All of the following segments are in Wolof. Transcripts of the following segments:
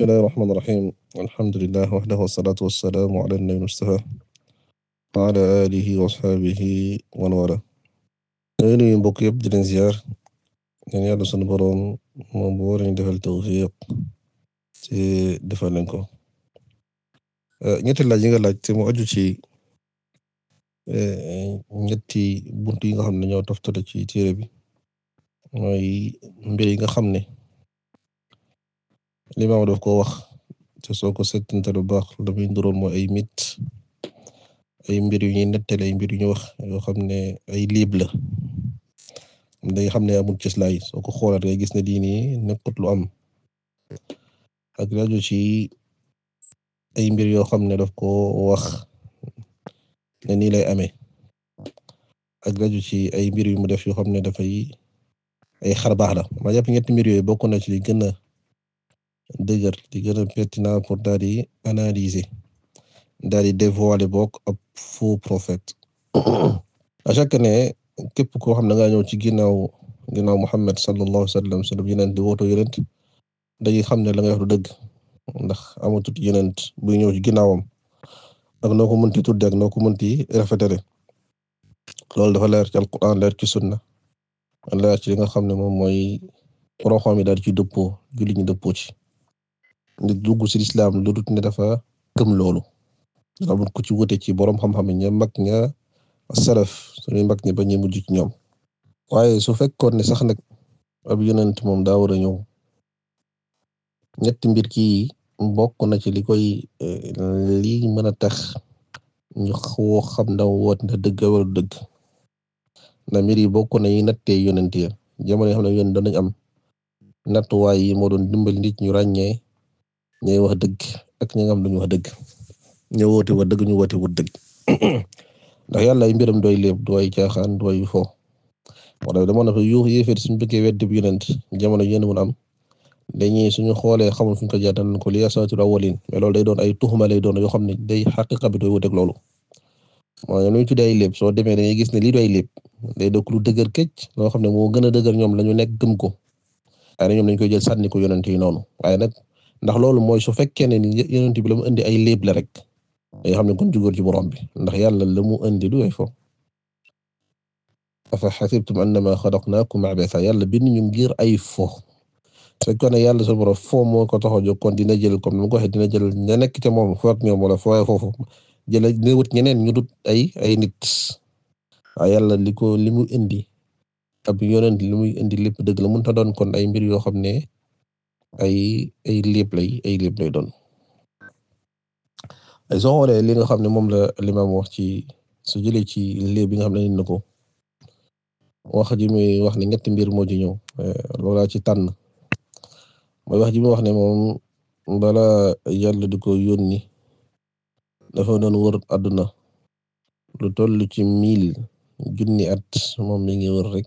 bismillahi rahmaani rahiim alhamdulilah wahdahu wassalaatu wassalaamu ala nabi mustafa wa ala alihi wa asxaabihi wa man wala ñooy nuyu mbokk yëpp di leen ziyaar ñaan yàlla sunu boroom moom bu war ñu defal tawfiq ci defal leen ko eh, ñetti laaj yi nga laaj te mu aju ci eh, ñetti buntu yi nga xam ne ñoo toftale ci téere bi mooy mbir yi nga xam ne limaam daf ko wax te soo ko seetante lu baax la muy ndurool mooy ay mit ay mbir yu ñuy nettali ay mbir yu ñu wax yoo xam ne ay liib la day xam ne amul cëslaay soo ko xoolaat ngay gis ne lii nii nekkut lu am ak rajo ci ay mbir yoo xam ne daf ko wax ne nii lay amee ak rajo ci ay mbir yu mu def yoo xam ne dafay ay xarbaax la ma jàpp ñetti mbir yooy bokk na ci li gën a dëgër di gën a pertinent pour daal di analyser daal di dévoiler bokk ab faux prophète à chaque képp koo xam ne nga ñëw ci ginnaaw ginnaaw Muhammad sallallahu alaihi wasallam sallam yeneen di woto yeneen dañuy xam ne la nga wax du dëgg buy ñëw ci ginnaawam ak noo ko mënti tudde ak noo ko mënti rafetale loolu dafa leer ci alquran ci sunna leer ci li nga xam ne moom mooy roxoom yi daal ci dëppoo julli ñu dëppoo ci di dugg si lislaam lu dut ne dafa gëm loolu amul ku ci wute ci boroom xam-xam ña mag ña salaf suñu mag ña ba ñu mujj ci ñoom waaye su fekkoon ne sax nag ab yonent moom daa war a ñëw ñetti mbir ki bokk na ci li koy eh, li mën a tax ñu xoo xam ndaw woot na dëgg wala dëgg mbir yi bokk na yi nattee yonent ya jamono yoo xam ne yoon doon nañ am nattuwaay yi moo doon dimbali nit ñu ràññee ñay wax dëgg ak ñi nga xam duñu dëgg ñu woote dëgg ñu woote wu dëgg ndax yàlla ay mbiram doy léeb doy caaxaan doy fo moo tax dama ne ko yuux yéeféer suñu bëggee weddi bu yonent jamono yéen mun am dañuy suñu xoolee xamul fuñ ko jaataan ko li asawatul awwalin mais loolu day doon ay tuxuma lay doon yoo xam ne day xaqiqa bi doy wuteeg loolu mooy ñu tuddee ay léeb soo demee dañuy gis ne lii doy léeb day dokk lu dëgër këcc loo xam ne moo gën a dëgër ñoom la ñu nekk gëm ko waaye ñoom lañ koy jël sànni ko yonent yi noonu waaye nag ndax loolu mooy su fekkee ne ni yonent bi la mu indi ay léeb la rek yoo xam ne kon jugóor ci borom bi ndax yàlla la mu indi du ay fo afa xasibtum annama xalaqnaakum abasa yàlla bind ñu ngir ay fo su fekkee ne yàlla sa borom fo moo ko tax a jóg kon dina jël comme ni mu ko dina jël ña nekk ca moom fo ak wala fooy foofu jële dina wut ñeneen ñu dut ay ay nit waaye yàlla li ko li indi ab li muy indi lépp dëgg la mënut doon kon ay mbir yoo xam ne ay ay léeb lay ay léeb lay doon ay soo xoolee li nga xam ne moom la limaam wax ci su jëlee ci léeb bi nga xam ne indi ko wax ji wax ne ñetti mbir moo ci ñëw eh, loolaa ci tànn mooy wax ji muy wax ne moom bala yàlla di ni yónni dafa doon wër àdduna lu tol lu ci mil junni at moom mi ngi wër rek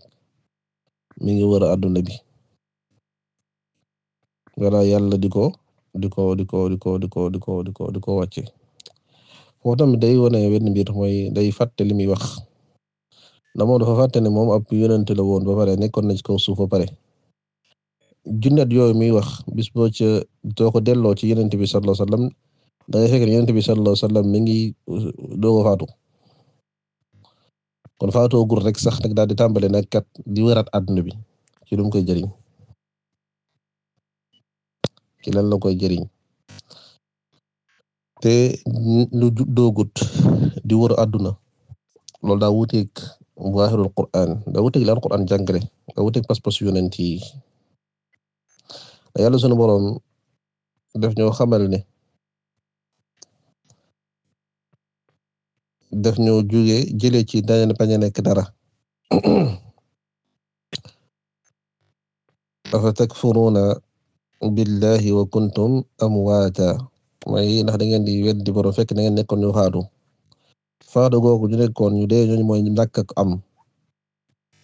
mi ngi wër àdduna bi. wala yàlla di ko di ko di ko diko ko di ko di ko di ko di ko wàcce foofu tamit day wane wenn mbir mooy day fàtte li muy wax ndax moom dafa fàtte ne moom ab yonent la woon ba pare nekkoon na ci kaw suuf ba pare junnet yooyu muy wax bis boo ca doo ko delloo ci yonent bi sallallahu alayhi wasallam da bi sallallahu alayhi mi ngi uh, doog a faatu kon faatoo gur rek sax nag daal di tàmbale nag kat di wëraat àdduna bi ci lu koy jëriñ. ci lan la koy jëriñ te lu doogut di wër àdduna loolu daa wuteeg waahirul Qur'an daa wuteeg lan Qur'an jàngale daa wuteeg pas-pas yonent yi yàlla sunu boroom def ñoo xamal ne def ñoo jóge jële ci dañu ne bañ a nekk dara afa takfuruna billahi wa kuntum amwaata mooy ndax da di weddi borom fekk da ngeen nekkoon ñu faatu faatu googu ñu nekkoon ñu dee ñooñu mooy ñàkk ak am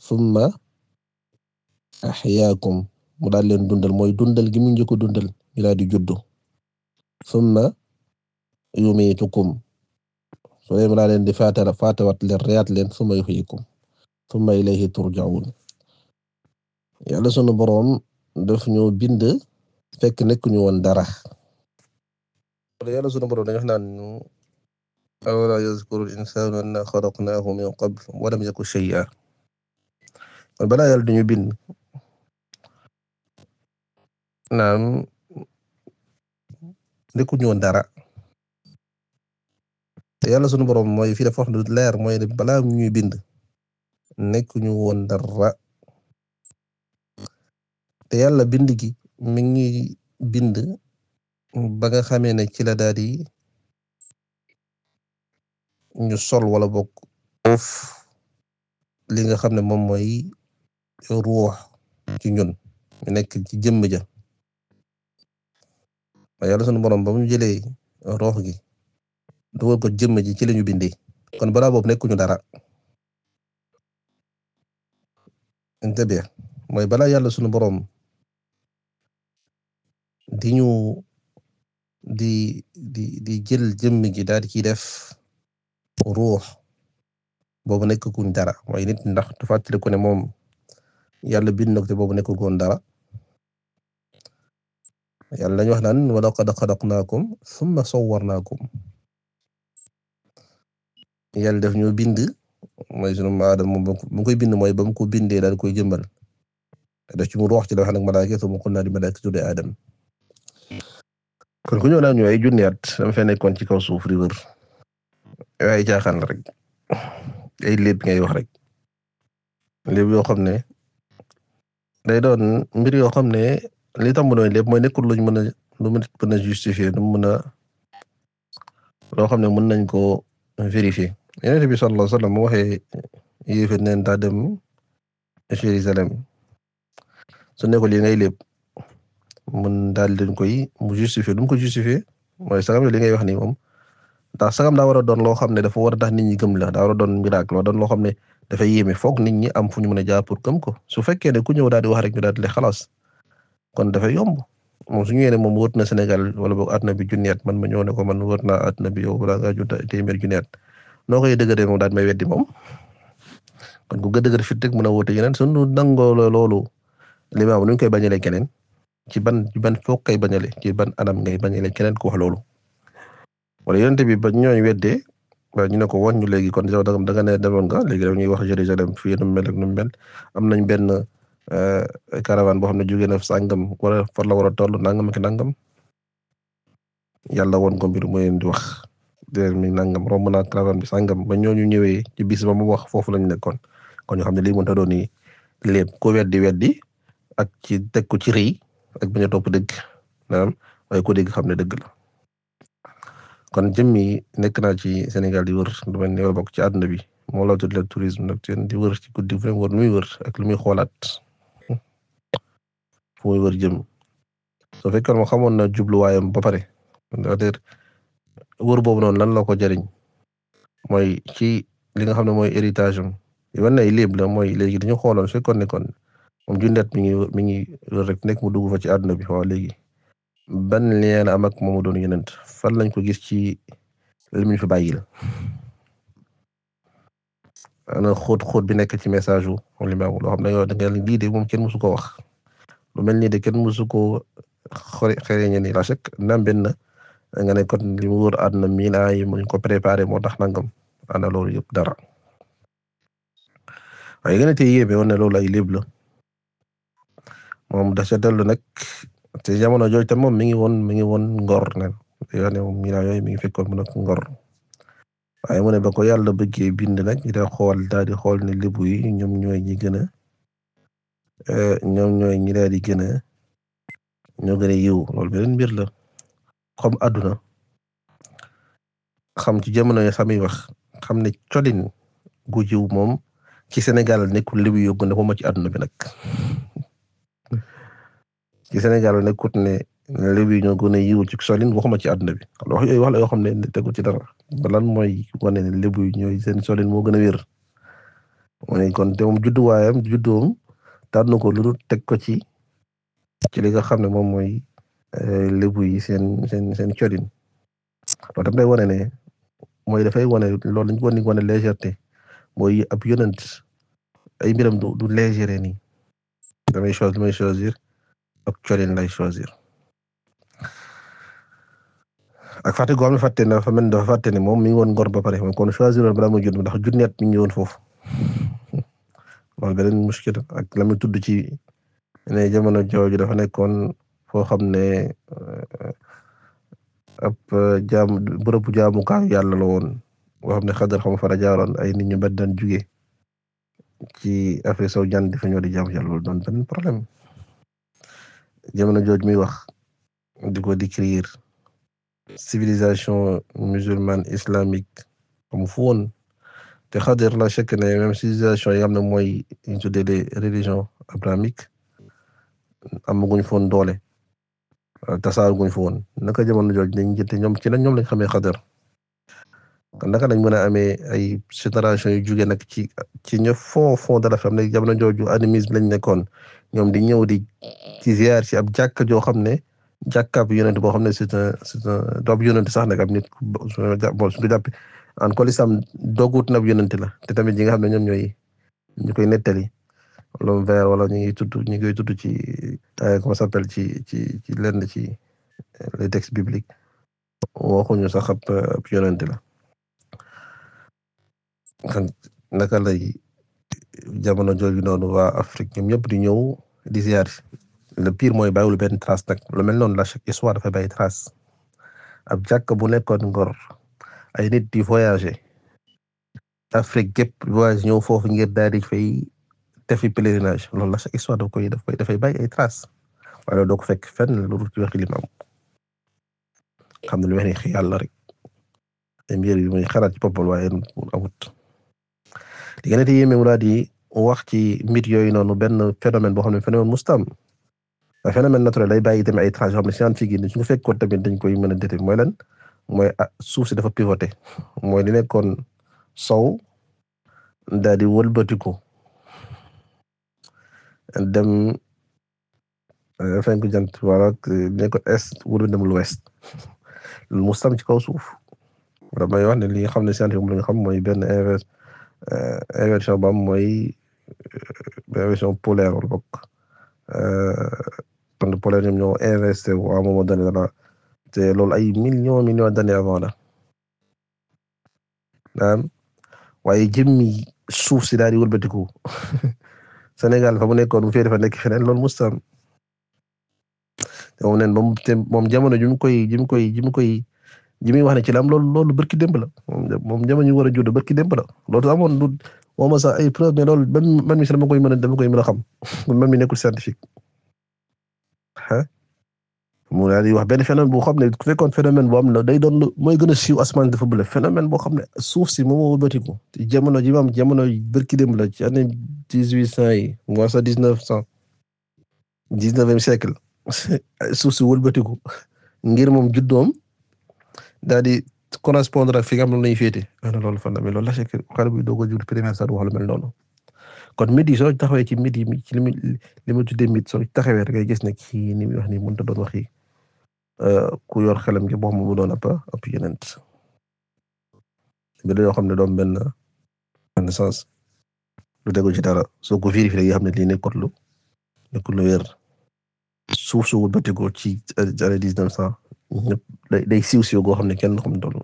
summa ahyaakum mu daal leen dundal mooy dundal gi mu njëkk dundal ñu daal di juddu summa yumiitukum soo dee mu daal leen di faatara faatawat leen reyaat leen summa yuhyikum summa ilayhi turja'un yàlla sunu borom daf ñu bind. fekk nekkuñu woon dara wala yàlla sunu borom dañu wax naan ñu awala yazkuru al-insaanu anna xalaqnaahu min qabl wa lam yaku shay'an kon balaa yàlla duñu bind naam nekkuñu woon dara te yàlla sunu borom mooy fii dafa wax lu leer mooy ne balaa ñuy bind nekkuñu woon dara te yàlla bind gi mi ngi bind ba nga xamee ne ci la daal ñu sol wala bokk li nga xam ne moom mooy ruux ci ñun ñu nekk ci jëmm ja waaye yàlla sunu borom ba mu jëlee ruux gi dugal ko jëmm ji ci lañu bindee kon balaa boobu nekkuñu dara inte bi mooy balaa yàlla sunu borom di ñu di di di jël jëmm ji daal di ciy def ruux boobu nekkaguñ dara mooy nit ndax du fàttaliku ne moom yàlla bind na ko nekk koon dara yàlla lañu wax naan wa laqad xalaqnaakum summa sawwarnaakum yàlla def ñu bind mooy sunu aadama mu koy bind mooy ba mu ko bindee daal koy jëmbal def ci mu ruux ci la wax nag malaaka summa qulnaa lil malaa'ikati isjudu kon ku ñëw naa ñu ay junni at dama fee nekkoon ci kaw suuf di wër ay caaxaan la rek ay léeb ngay wax rek léeb yoo xam ne day doon mbir yoo xam ne li tam doon léeb mooy nekkul luñ mën a lu mën a justifier lu mën a loo xam ne mën nañ koo vérifier Yonent bi sallallahu alayhi wasallam mu waxee yéefar neen daa dem Jérusalem su nekkul yi ngay léeb mun daal di koy mu justifier lu mu ko justifier mooy sagam li ngay wax ni moom ndax saxam daa war a doon loo xam ne dafa war a nit ñi gëm la daa war a doon miracle doon loo xam ne dafa yéeme foog nit ñi am fu ñu mën a pour gëm ko su fekkee ne ku ñëw daal di wax rek ñu daal di xalaas kon dafa yomb moom su ñu ne moom wër na Sénégal wala boog àdduna bi junni at man ma ñëw ne ko man wër naa àdduna bi yow balaa ngaa jot téeméer junni at noo koy dëgëree moom di may weddi moom kon ku gën a dëgër fit rek mën a woote yeneen suñu nangoo loolu limaam nu ñu koy bañalee keneen ci ban ci ban foog kay bañale ci ban anam ngay bañale keneen ku wax loolu wala yonent bi ba ñooñ weddee waaw ñu ne ko woon ñu léegi kon yow da nga ne demoon nga léegi dañuy wax Jérusalem fii nu mu mel ak nu mu mel am nañ benn euh, caravane boo xam ne jóge na sàngam wala far la war a toll nangam ak nangam yàlla woon ko mbir mu leen di wax déedéet mi nangam romb naa caravane bi sàngam ba ñooñu ñëwee ci bis ma mu wax foofu lañ nekkoon kon ñu xam ne lii mënut a doon lépp ku weddi weddi ak ci teg ko ci rii ak bañ a topp dëgg naam ko dëgg xam ne dëgg la kon jëmmi nekk naa ci Sénégal di war lu mel ni wala bokk ci àdduna bi moo la tudd la di wër ci guddi fu ne wër lu ak lu muy xoolaat fu muy wër jëm soo fekkoon moo xamoon na jubluwaayam ba pare c'est-à-dire wër boobu noonu lan la ko jariñ mooy ci li nga xam ne mooy héritage am yu mel la mooy léegi dañu xooloon su fekkoon moom junneet mi ngi mi ngi loolu rek nekk mu dugg fa ci àdduna bi waaw léegi ban lien la am ak moomu doon yonent fan lañ ko gis ci li mu ñu fa bàyyil ana xóot xóot bi nekk ci message wu limaam loo xam ne yow da nga moom kenn mësu ko wax lu mel nii de kenn mësu ko xore xëy na ni la chèque nga ne kon li mu wër àdduna mi naa yi muñ ko préparé moo tax nangam ana loolu yëpp dara waaye gën a téye yéeme woon ne loolu ay léeb la. moom da ca nag te jamono jooju tam moom mi ngi woon mi ngi woon ngor nag yoo ne moom yooyu mi ngi fekkoon mu nekk ngor waaye mu ne ba ko yàlla bëgge bind nag ñu da xool daal di xool ne libu yi ñoom ñooy ñi gën a eh, ñoom ñooy ñi di gën a ñoo gën a yiw loolu beneen mbir la comme àdduna xam ci jamono yi sami wax xam ne colin gu jiw moom ci Sénégal nekkul libu yóbbu na ko ma ci àdduna bi nag. ci Sénégal la nekkut ne lébu yi ñoo gën a yiw ci solin waxuma ci àdduna bi wax yooyu wax la yoo xam ne tegu ci dara lan mooy wane ne lébu yi ñooy seen solin moo gën a wér. kon te moom judduwaayam juddoom tànn ko lu teg ko ci ci li nga xam ne moom mooy eh, lébu yi seen seen seen colin loolu tam day wane ne mooy dafay wane loolu lañ ko ni wane légèreté mooy ab yonent ay biram du du légère nii damay choisir ak colin lay choisir ak fàtte goo xam ne fàtte na moom mi ngi woon ngor ba pare kon choisir woon balaa muy judd ndax junneet mi ngi woon foofu loolu muskil ak la tudd ci ne jamono jooju dafa nekkoon foo xam ne eh, ab jam bërëbu jaamukaayu yàlla la woon boo xam ne xadar xam fara jaaroon ay nit ñu bari daan jugee ci Afrique sow jant di fa ñëw di jaamu yàlla loolu problème. jamono jooj muy wax di ko décrire civilisation musulmane islamique amu fu woon te Xadir la chaque ne même civilisation yi am na mooy ñu tuddee les religions abrahamiques amaguñ foon doole tasaaruguñ foon naka jamono jooj dañ jëtte ñoom ci lañ ñoom lañ xamee Xadir naka lañ mën a amee ay génération yu jugee nag ci ci ña fond fond de la famille jamono jooju lañ nekkoon. ñoom di ñëw di eh, eh. ci ziar ab jàkka joo xam ne jàkkaab yonent boo xam ne c'est un c'est un sax nag ab nit bon suñu jàpp en ko lisam dogut na ab la te tamit ñi nga xam ne ñoom ñooy ñu koy nettali loolu ver wala ñu ngi tudd ñu koy tudd ci euh, comment ça ci ci ci lenn ci euh, les textes bibliques waxuñu sax ab euh, ab la naka lay jamono jooju noonu waa Afrique ñoom ñëpp di ñëw di ziar le pire mooy bàyyiwul benn trace nag lu mel noonu la chaque histoire dafay bàyyi trace ab jàkk bu nekkoon Ngor ay nit di voyager Afrique gépp voyage ñëw foofu ngir daal di fay defi pèlerinage loolu la chaque histoire daf koy dafay bàyyi ay wala doo fekk fenn lu dul ci waxi limaam xam ne lu wax ni yàlla rek ay mbir yi muy xalaat ci boppam li gën a di yéeme wax ci mit yooyu noonu benn phénomène boo xam ne phénomène mustam waaye phénomène naturel lay bàyyi tamit ay transition mais scientifique yi ni su ñu fekkoon tamit dañ koy mën a déterminer mooy lan mooy ah, suuf si dafa pivoté mooy li nekkoon sow daal di ko dem eh, fenku jant wala eh, nekkoon est wëlbati dem l'ouest mustam ci kaw suuf vraiment yoo xam ne li xam ne scientifique moom la ñu xam mooy benn inverse Eh, émission ba am eh, mooy émission polaire wala bokk eh, kon polaire ñoom ñoo investir te loolu ay millions millions d'années avant la naam waaye jëmmi suuf si daal di wëlbatiku Sénégal fa mu nekkoon mu féete fa nekk feneen loolu mosut am te te moom jamono ji mu koy ji mu koy ñi muy wax ne ci la am loolu loolu barki démb la moom jamono ñu war a judd barki démb la loolu amoon du moom sax ay preuve mais loolu man mi si dama koy mën a dama koy mën a xam man mi nekkul scientifique ah mu daal di wax benn phénomène boo xam ne ku fekkoon phénomène boo xam day doon lu mooy gën a siiw asamaan dafa bële phénomène boo xam ne suuf si moom moo wëbatiku jamono ji maam jamono barki démb la ci année dix huit cent yi mois sa dix neuf cent dix neuvième siècle suuf si wëlbatiku ngir moom juddoom daal di correspondre ak fi nga xam ne moom la ñu féete ana loolu fan la mais loolu la c'est que xale bu doog a jublu primaire wax lu mel noonu kon midi soo taxawee ci midi mi ci li mu li tuddee midi soo taxawee rek ngay gis ne kii ni muy wax ni mënut a doon waxi euh, ku yor xelam gi boo xam mu doon ab ab yonent bi yoo xam ne doon benn benn sens lu tegu ci dara soo ko vérifié rek nga xam ne lii nekkul lu nekkul lu wér suuf su wëlbatiku euh, ci année dix neuf ñëpp day day siiw siiw goo xam ne kenn xam dool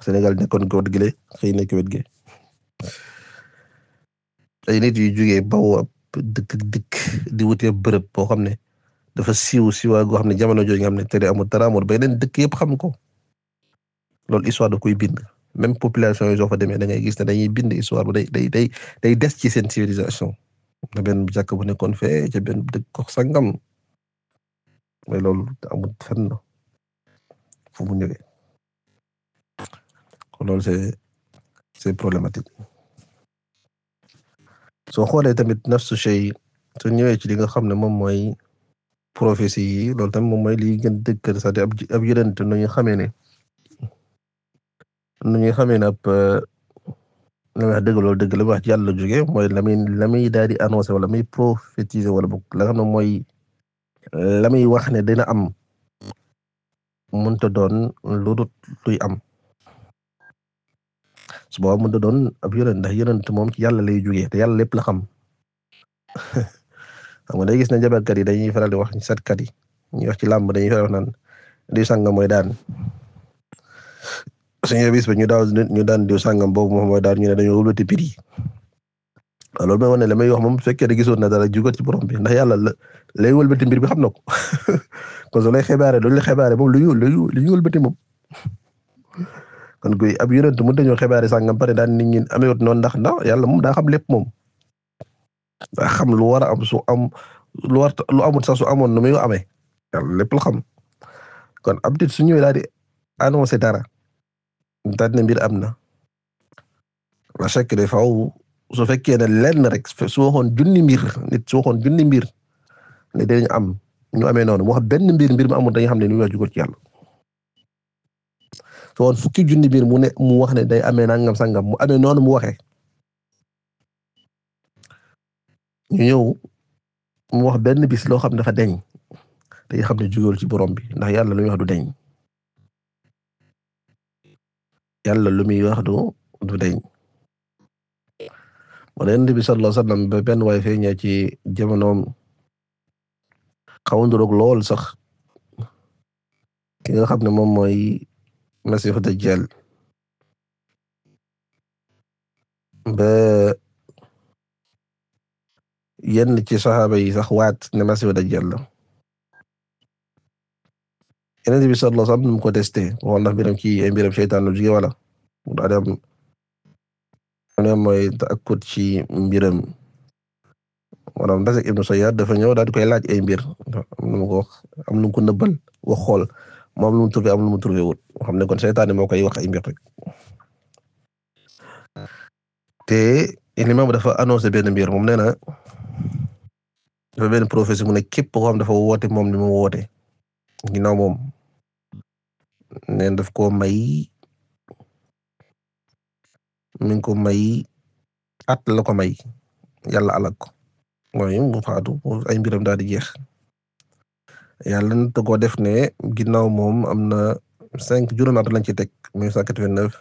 Sénégal nekkoon ko wet gi le xëy na ko wet gi ay nit yu jugee bawoo ab dëkk di wutee bërëb boo xam ne dafa siw siiwaa goo xam ne jamono jooju am xam ne tere amul dara amul ba yeneen dëkk yëpp xam ko loolu histoire da koy bind même population yi soo fa demee da ngay gis ne dañuy bind histoire ba day day day day des ci seen civilisation na benn jàkk bu nekkoon fee ca benn dëkk ko sangam mais loolu amul fenn. fu mu ñëwee kon loolu c'est c'est problématique soo xoolee tamit nafsu shay su ñëwee ci li nga xam ne moom mooy prophétie yi loolu tamit moom mooy li gën dëkkal sax di ab ab yonent nu xamee ne nu ñu xamee ne ab li euh, dëgg loolu dëgg la wax ci yàlla jóge mooy la muy la daal di annoncé wala muy prophétiser wala boog la nga xam ne mooy euh, la wax ne dina am. mënta doon lu luy am su boobaa mënta doon ab yonent ndax yonent moom ci yàlla lay jógee te yàlla lépp la xam xam nga day gis ne jabarkat yi dañuy faral di wax ci satkat yi ñuy wax ci làmb dañuy faral naan diw sàngam mooy daan suñu bis ba ñu daaw ñu daan diw sàngam boobu moom mooy daan ñu ne dañoo wëlbati prix loolu mooy wone ne la may wax moom su fekkee ne gisoon na dara jugat ci borom bi ndax yàlla la lay wëlbati mbir bi xam na ko kon su lay xibaare loolu la xibaare moom lu lu ñu wëlbati moom kon kuy ab yonent mu dañoo xibaare sàngam pare daan nit ñi amee wut noonu ndax ndax yàlla moom daa xam lépp moom lu war a am su am lu war su amoon nu muy amee yàlla lépp la xam kon ab dit su ñëwee daal di annoncé dara daal ne mbir am na la chaque su fekkee ne lenn rek su waxoon junni mbir nit su waxoon junni am ñu amee noonu mu wax benn mbir mbir mu amul dañu xam ne nu wax jugul ci yàlla su woon fukki junni mbir mu ne mu wax ne day amee nangam sangam mu amee noonu mu waxe ñu ñëw mu wax benn bis loo xam ne dafa deñ dañu xam ne jugul ci borom bi ndax yàlla lu muy wax du deñ yàlla lu muy wax du du deñ mu ne Yonent bi sallallahu alayhi wasallam ba benn waay feeñee ci jamonoom xaw nduroog lool sax ki nga xam ne moom mooy Masiihu Dajjaal ba yenn ci saxaaba yi sax waat ne Masiihu Dajjaal la Yonent bi sallallahu alayhi wasallam mu ko testé wala mbiram ci ay mbiram seytaan lu jóge wala mu daal di am ne a takkut ci mbiram maanaam Dasik ibnu Sayyad dafa ñëw daal di koy laaj ay mbir am lu mu ko wax am lu mu ko am lu mu trouvé am lu wut xam ne kon seytaane moo koy wax ay mbir rek te imaam dafa annoncé benn mbir moom nee na dafa benn prophétie mu ne képp dafa woote moom ni mu woote ginnaaw moom nee daf koo may. mi ko may at la ko may yàlla alak ko mooy mu faatu ay mbiram daal di jeex yàlla na te koo def ne ginnaaw moom am na cinq juróomi at lañ ci teg mille cent quatre-vingt-neuf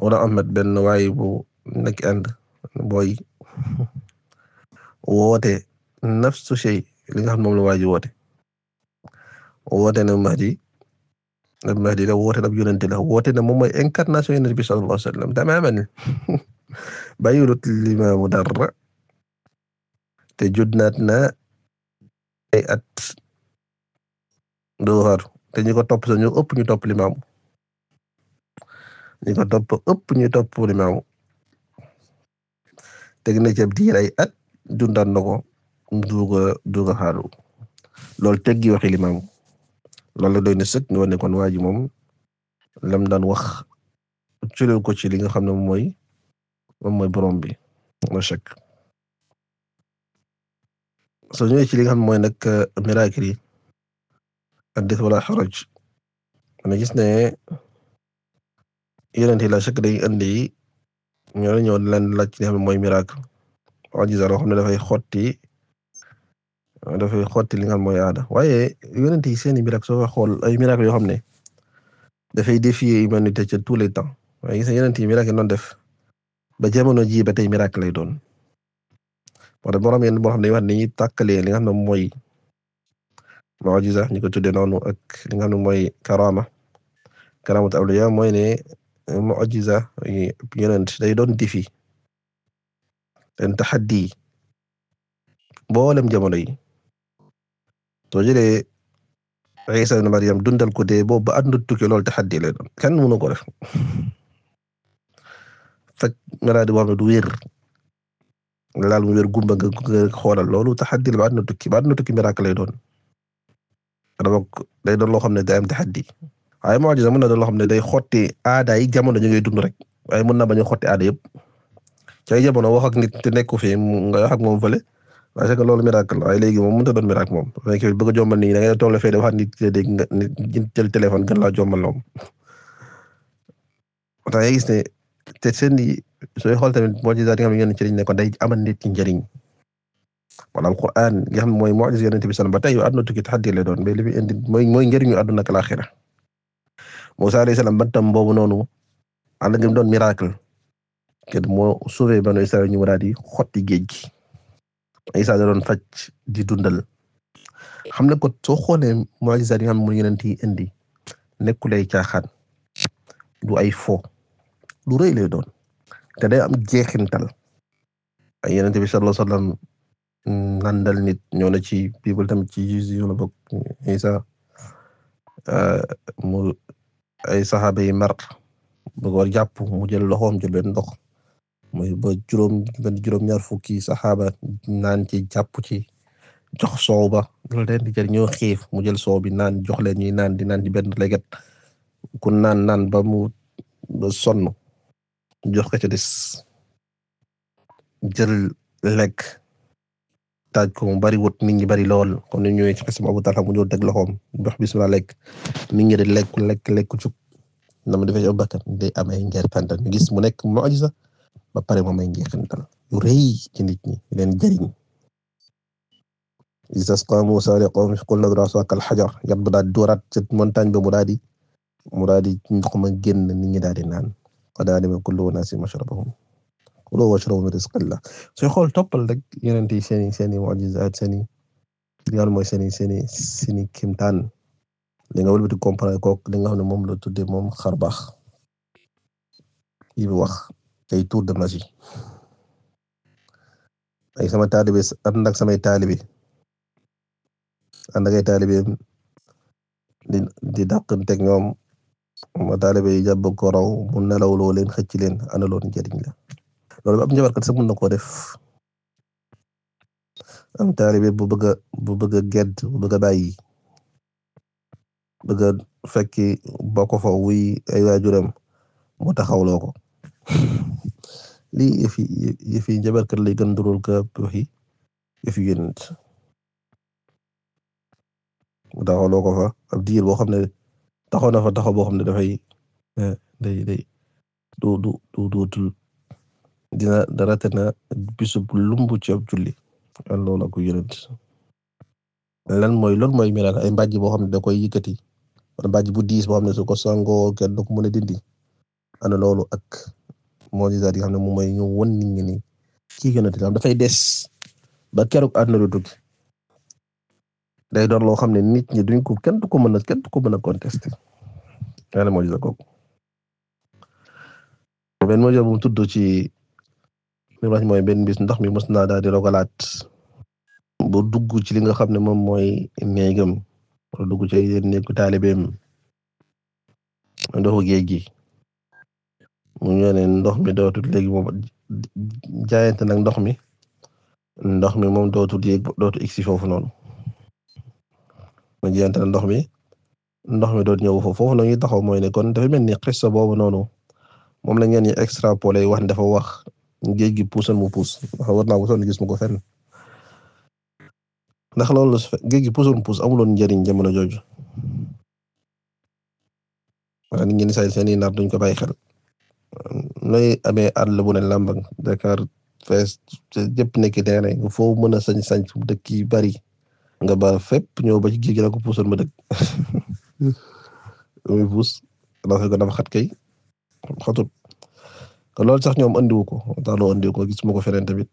wala Ahmed benn waaye bu nekk ànd booy woote nafsu shay li nga xam moom la waa woote woote na Mahdi ab la woote ab yonent la woote na moom mooy incarnation yonent bi sallallahu alayhi wa sallam tamaman bàyyiwulut li dara te judnaat na ay at doo te ñi ko topp sax ñu ëpp ñu topp limaamu ñi ko topp ëpp ñu topp limaamu teg na ci ab diir ay at dundaat ko duuga duuga xaaru loolu teggi waxi limaamu loolu doy na sëkk nga ne kon waa ji moom lam daan wax jëlee ko ci li nga xam ne mooy moom mooy borom bi la chèque soo ñëwee ci li nga xam mooy nag euh, miracle yi addis wala xaraj ma gis ne yonent yi la chèque dañuy andi ñoo ñëw leen laaj ci li nga xam ne mooy miracle waa xam ne dafay xotti. dafay xotti li nga xam mooy aada waaye yonent yi seen i miracle soo xool ay miracle yoo xam ne dafay défier humanité ca tous les temps waaye gis nga yonent yi miracle noonu def ba jamono ji ba tey miracle lay doon moo tax borom yéen boo xam ne dañuy wax dañuy tàkkalee li nga xam ne mooy mu'jiza ñu ko tuddee noonu ak li nga xam ne mooy karama karamatu awliya mooy ne mu'jiza yonent day doon défi dañ taxaddi boolem jamono yi. soo jëlee Isa ibn Maryam dundal ko dee boobu ba àdduna tukki loolu taxaddi lay doon kenn mënu ko def faj maladie boo xam ne du wér nga laal mu wér gumba nga xoolal loolu taxaddi la ba àdduna tukki ba àdduna tukki miracle lay doon dama day loo xam ne day am taxaddi waaye mu'jiza mën na doon loo xam ne day xotti aada yi ñu ngay dund rek waaye mën na bañ a xotti aada yëpp ci ay jamono wax ak nit te nekku fi nga wax ak moom parce que loolu miracle la moom mënut a doon miracle moom bu fekkee a jombal nit ñi da ngay toog la fay dafa nit dégg nga nit jël téléphone gën laa gis ne te seen i sooy xool tamit mu'jiza yi nga xam ne yonent ci lañ nekkoon day amal nit ci njëriñ wala alquran nga xam ne mooy mu'jiza yonent bi sallallahu alayhi wasallam ba tey àdduna tukki taxaddi la doon mais li muy indi mooy mooy njëriñu àdduna ak laaxira Musaa alayhi salaam bantam boobu noonu ànd doon miracle kenn moo sauvé ba Israël ñu war a di xotti géej gi. Isa da doon faj di dundal xam nga kon soo xoolee mu'jiza yi nga xam ne yonent yi indi nekkul ay du ay fo lu rëy lay doon te day am jeexintal ay yonent bi sallallahu alayhi wasallam nandal nit ñoo na ci bible tamit ci Jésus ñoo na ay saxaaba yi mar bëggoon jàpp mu jël loxoom jël leen ndox. muy ba juróom benn juróom-ñaar fukki saxaaba naan ci jàpp ci jox soow ba loolu leen di jëriñoo xiif mu jël soow bi naan jox leen ñuy naan di naan ci benn leget ku naan naan ba mu jox ko ca des jël lekk taaj ko mu bari wut nit bari lool comme ni ñëwee ci xisam Abu Talha mu ñëw teg loxoom jox bismillah lekk nit ñi di lekk lekk lekk cuk na mu defee ci Abubakar day am ay ngeer mu nekk mu'jiza ba pare moom ay njeexantal yu rëy ci nit ñi leen jariñ istasqa Musa li qawmi qulna idrib aswaka kal hajar yat ba daal di dooraat ci montagne ba mu daal di mu daal di ndox ma génn nit ñi daal di naan fa daal di ma la unaasin mashrabahum kulu washrabu min rizqillah sooy xool toppal rek yonent yi seeni seeni mu'jizaat seeni li nga xam ne mooy seeni seeni seeni kimtaan li nga wëlbati comprendre kook li xam ne moom la tudde moom xarbaax yi wax ay tour de magie ay sama taalibe ànd samay taalibe ànd ak ay taalibeem di di dàqanteeg ñoom ma taalibe yi jàpp ko raw mu nelaw loo leen xëcc leen ana loolu njëriñ la loolu ba am njabarkat sax mën na koo def am taalibe bu bëgg ged bu bëgg a gedd bu fa wuy ay waajuram mu taxawloo ko lii yëf yi yëf yi lay gën dural ka waxi yëf yu yéen it diir boo xam ne taxaw na fa taxaw boo xam ne dafay eh, day day du du du dina dara te na bisub lumbu ci ab julli loolu ak yéen it lan mooy lool mooy mel ay mbàjj boo xam ne da koy yëkkati wala mbàjj bu diis boo xam ne su ko sangoo kenn du ko mën a dindi ana loolu ak. mujjizaat yi nga xam ne moom mooy ñu won nit ñi ni kii yonent la dafay des ba keroog àdduna du tukki day doon loo xam ne nit ñi duñ ko kenn du ko mën a kenn du ko mën a contester yàlla mujjiza kooku. benn mujjiza bu mu tudd ci li mooy benn bis ndox mi mos naa daal di rogalaat bu dugg ci li nga xam ne moom mooy néegam wala dugg ci ay néegu taalibeem ndoxu géej gi. mu ñëw ndox mi dootul léegi moom jaayante nag ndox mi ndox mi moom dootul yéeg dootul egsi foofu noonu mu jaayante nag ndox mi ndox mi dootul ñëw foofu foofu la ñuy taxaw mooy ne kon dafa mel ni xissa boobu noonu moom la ñeen ñi extrapolé wax ne dafa wax géej gi puusan mu puus ndax war naa ko sonn gis mu ko fenn ndax loolu gi puusan mu puus amuloon njëriñ jamono jooju wala nit ñi ni say seen i nar duñ ko bàyyi xel. nooy amee àll bu ne làmb Dakar fees jëpp nekk terrain nga foo mën a sañ sañ dëkk yi bari nga baal fépp ñëw ba ci géej gi na ko puusoon ma dëkk muy puus dafa ko dafa xat kay xatut te loolu sax ñoom andiwu ko daanoo andiwu gis ma ko feneen tamit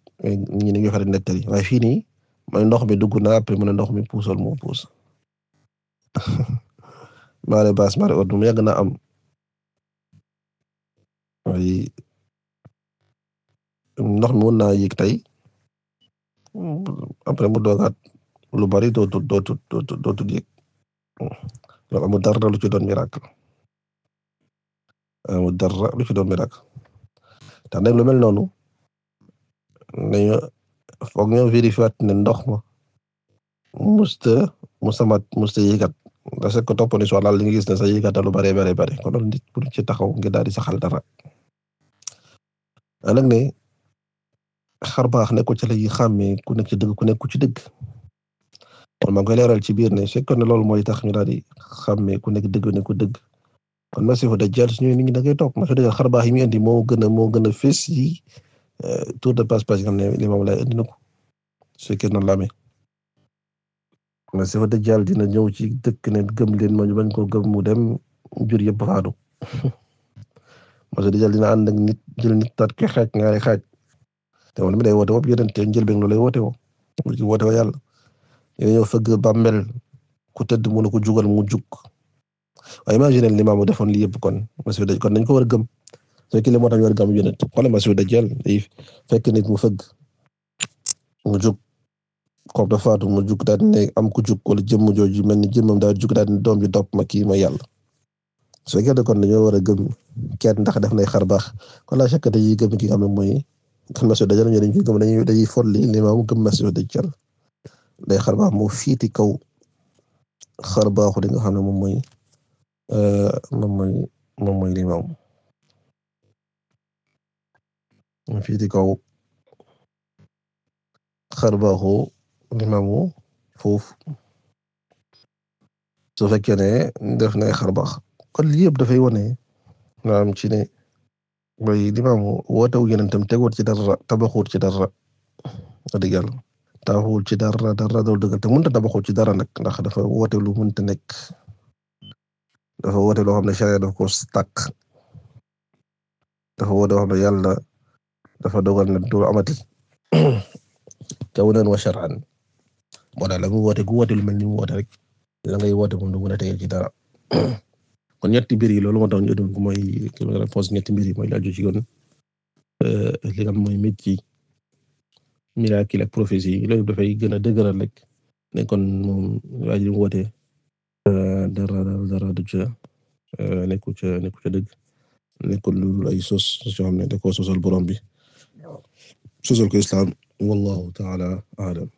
ñi ni nga fa nettali waaye fii nii mooy ndox mi dugg naa après mu ne ndox mi puusoon moo puus. maare baas maare oot moom yàgg naa am. ay ndox mi mën naa yéeg tey après mu doogaat lu bari dootul dootul dootul dootul yéeg loolu lu ci doon miracle amul lu ci doon miracle tax nag lu mel noonu nañu foog ñu ne ndox ma musta musta mat musta yéegat parce que topp ni soo laal li nga gis ne sa yéegat lu bari bari bari kon loolu pour ci taxaw nga daal di saxal dara. Ah, nag ne xar baax ne ko ci lay xàmmee ku nekk ci dëgg ku nekk ci dëgg kon maa ngi ci biir ne fekkoon ne loolu mooy tax ñu daal di xàmmee nekk dëgg ku nekk dëgg kon Masiihu Dajjaal suñu nit ñi da ngay toog Masiihu Dajjaal xar baax yi muy indi moo gën moo gën a fés yi eh, tour de passe-passe yi ne Imaam Laay indi na ko su fekkee noonu la amee dina ñëw ci dëkk ne gëm leen ma ñu ko gëm mu dem jur yëpp faatu mos di jël dina ànd na nit jël nit tat ko xaaj ñaari xaaj te moom day woote woo yeneen te njël beeg loolu lay woote woo ci woote woo yàlla ñëw fëgg bàmmel ku tëdd mu ne ko jugal mu jug waaye imagine li maamu defoon li yëpp kon masiw daj kon dañ ko war a gëm soo ki le moo tax ñu war a gëm yonent xoolal masiw dajjal day mu fëgg mu jug kooku faatu mu jug daal ne am ku jug wala jëmm jooju mel ni jëmmam daal jug daal ne doom bi dopp ma kii ma yàlla su fekkee kon dañoo war a gëm kenn ndax def nay xar baax kon laa chaque dañuy gëm ki nga xam ne mooy kan Masiix Dajjal ñu dañ koy gëm dañuy dañuy folli li ma gëm Masiix Dajjal day xar baax moo fiiti kaw xar baaxu li nga xam ne moom mooy euh, moom mooy moom mooy kaw xar baaxu limaamu foofu su fekkee ne def nay xar baax kon lii yëpp dafay wane maanaam ci ne mooy limaamu woote wu yonentam teguwul ci dara tabaxuwul ci dara wax dëgg yàlla ci dara dara doo dëggal te mënut a tabaxu ci dara nag ndax dafa woote lu mënta nekk dafa woote loo xam ne charia dafa ko stak dafa woote loo xam ne yàlla dafa dogal na du amati kawnan wa shar'an moo daal la mu woote gu woote lu mel ni mu woote rek la ngay woote moom du mën a ci dara kon ñetti mbir yi loolu moo tax ñu doon ko mooy ki ma la foos ñetti mbir yi mooy laaju ci kon euh, li nga mooy métti miracle ak prophétie yi loolu dafay gën a dëgëral rek ne kon moom waa ji woote euh, dara dara du ca euh, nekku ca nekku ca dëgg nekkul lu ay sos yoo sosal borom bi sosal ko islam wallahu ta'ala a'lam